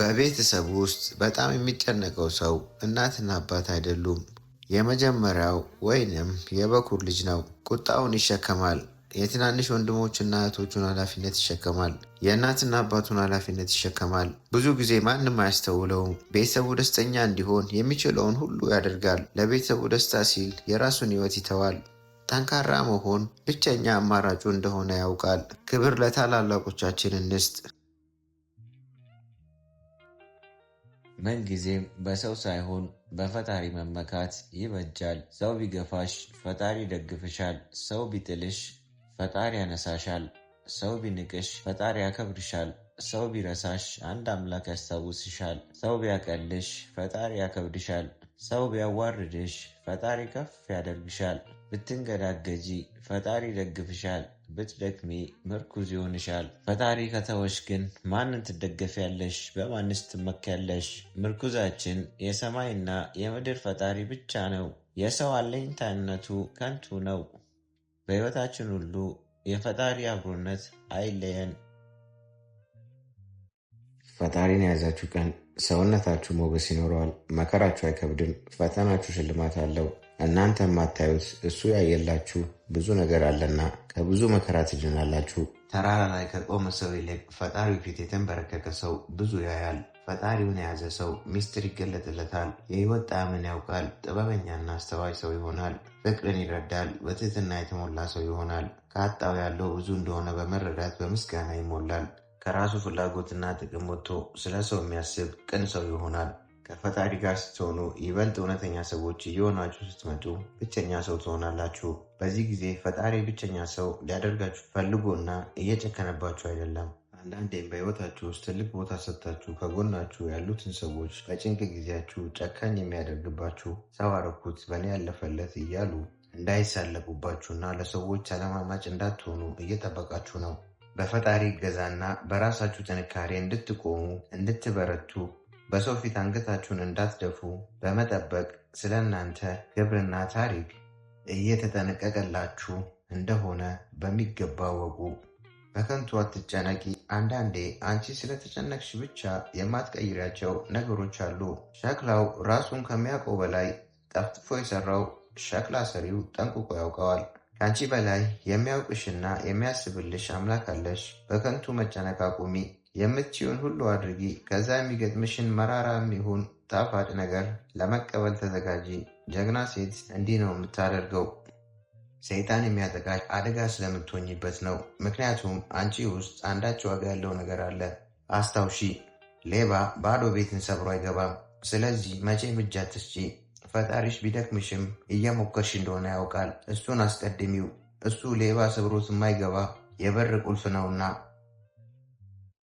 በቤተሰብ ውስጥ በጣም የሚጨነቀው ሰው እናትና አባት አይደሉም። የመጀመሪያው ወይንም የበኩር ልጅ ነው። ቁጣውን ይሸከማል። የትናንሽ ወንድሞችና እህቶቹን ኃላፊነት ይሸከማል። የእናትና አባቱን ኃላፊነት ይሸከማል። ብዙ ጊዜ ማንም አያስተውለውም። ቤተሰቡ ደስተኛ እንዲሆን የሚችለውን ሁሉ ያደርጋል። ለቤተሰቡ ደስታ ሲል የራሱን ሕይወት ይተዋል። ጠንካራ መሆን ብቸኛ አማራጩ እንደሆነ ያውቃል። ክብር ለታላላቆቻችን እንስጥ። ምንጊዜም በሰው ሳይሆን በፈጣሪ መመካት ይበጃል። ሰው ቢገፋሽ ፈጣሪ ይደግፍሻል። ሰው ቢጥልሽ ፈጣሪ ያነሳሻል። ሰው ቢንቅሽ ፈጣሪ ያከብርሻል። ሰው ቢረሳሽ አንድ አምላክ ያስታውስሻል። ሰው ቢያቀልሽ ፈጣሪ ያከብድሻል። ሰው ቢያዋርድሽ ፈጣሪ ከፍ ያደርግሻል። ብትንገዳገጂ ፈጣሪ ይደግፍሻል፣ ብትደክሚ ምርኩዝ ይሆንሻል። ፈጣሪ ከተወሽ ግን ማንን ትደገፊያለሽ? በማንስ ትመኪያለሽ? ምርኩዛችን የሰማይና የምድር ፈጣሪ ብቻ ነው። የሰው አለኝታነቱ ከንቱ ነው። በሕይወታችን ሁሉ የፈጣሪ አብሮነት አይለየን። ፈጣሪን የያዛችሁ ቀን ሰውነታችሁ ሞገስ ይኖረዋል። መከራችሁ አይከብድም። ፈተናችሁ ሽልማት አለው። እናንተ የማታዩት እሱ ያየላችሁ ብዙ ነገር አለና ከብዙ መከራ ትድናላችሁ። ተራራ ላይ ከቆመ ሰው ይልቅ ፈጣሪው ፊት የተንበረከከ ሰው ብዙ ያያል። ፈጣሪውን የያዘ ሰው ምስጢር ይገለጥለታል። የህይወት ጣዕምን ያውቃል። ጥበበኛና አስተዋይ ሰው ይሆናል። ፍቅርን ይረዳል። በትህትና የተሞላ ሰው ይሆናል። ከአጣው ያለው ብዙ እንደሆነ በመረዳት በምስጋና ይሞላል። ከራሱ ፍላጎትና ጥቅም ወጥቶ ስለ ሰው የሚያስብ ቅን ሰው ይሆናል። ከፈጣሪ ጋር ስትሆኑ ይበልጥ እውነተኛ ሰዎች እየሆናችሁ ስትመጡ ብቸኛ ሰው ትሆናላችሁ። በዚህ ጊዜ ፈጣሪ ብቸኛ ሰው ሊያደርጋችሁ ፈልጎ እና እየጨከነባችሁ አይደለም። አንዳንዴም በህይወታችሁ ውስጥ ትልቅ ቦታ ሰጥታችሁ ከጎናችሁ ያሉትን ሰዎች በጭንቅ ጊዜያችሁ ጨካኝ የሚያደርግባችሁ ሰው አረኩት በእኔ ያለፈለት እያሉ እንዳይሳለቁባችሁና ለሰዎች ተለማማጭ እንዳትሆኑ እየጠበቃችሁ ነው። በፈጣሪ እገዛና በራሳችሁ ጥንካሬ እንድትቆሙ እንድትበረቱ በሰው ፊት አንገታችሁን እንዳትደፉ በመጠበቅ ስለ እናንተ ግብርና ታሪክ እየተጠነቀቀላችሁ እንደሆነ በሚገባ ወቁ። በከንቱ አትጨነቂ። አንዳንዴ አንቺ ስለተጨነቅሽ ብቻ የማትቀይሪያቸው ነገሮች አሉ። ሸክላው ራሱን ከሚያውቀው በላይ ጠፍጥፎ የሰራው ሸክላ ሰሪው ጠንቅቆ ያውቀዋል። ከአንቺ በላይ የሚያውቅሽና የሚያስብልሽ አምላክ አለሽ። በከንቱ መጨነቅ አቁሚ። የምትችይውን ሁሉ አድርጊ። ከዛ የሚገጥምሽን መራራም ይሁን ጣፋጭ ነገር ለመቀበል ተዘጋጂ። ጀግና ሴት እንዲህ ነው የምታደርገው። ሰይጣን የሚያጠቃሽ አደጋ ስለምትሆኝበት ነው። ምክንያቱም አንቺ ውስጥ አንዳች ዋጋ ያለው ነገር አለ። አስታውሺ፣ ሌባ ባዶ ቤትን ሰብሮ አይገባም። ስለዚህ መቼም እጅ አትስጪ። ፈጣሪሽ ቢደክምሽም እየሞከርሽ እንደሆነ ያውቃል። እሱን አስቀድሚው። እሱ ሌባ ሰብሮት የማይገባ የበር ቁልፍ ነውና።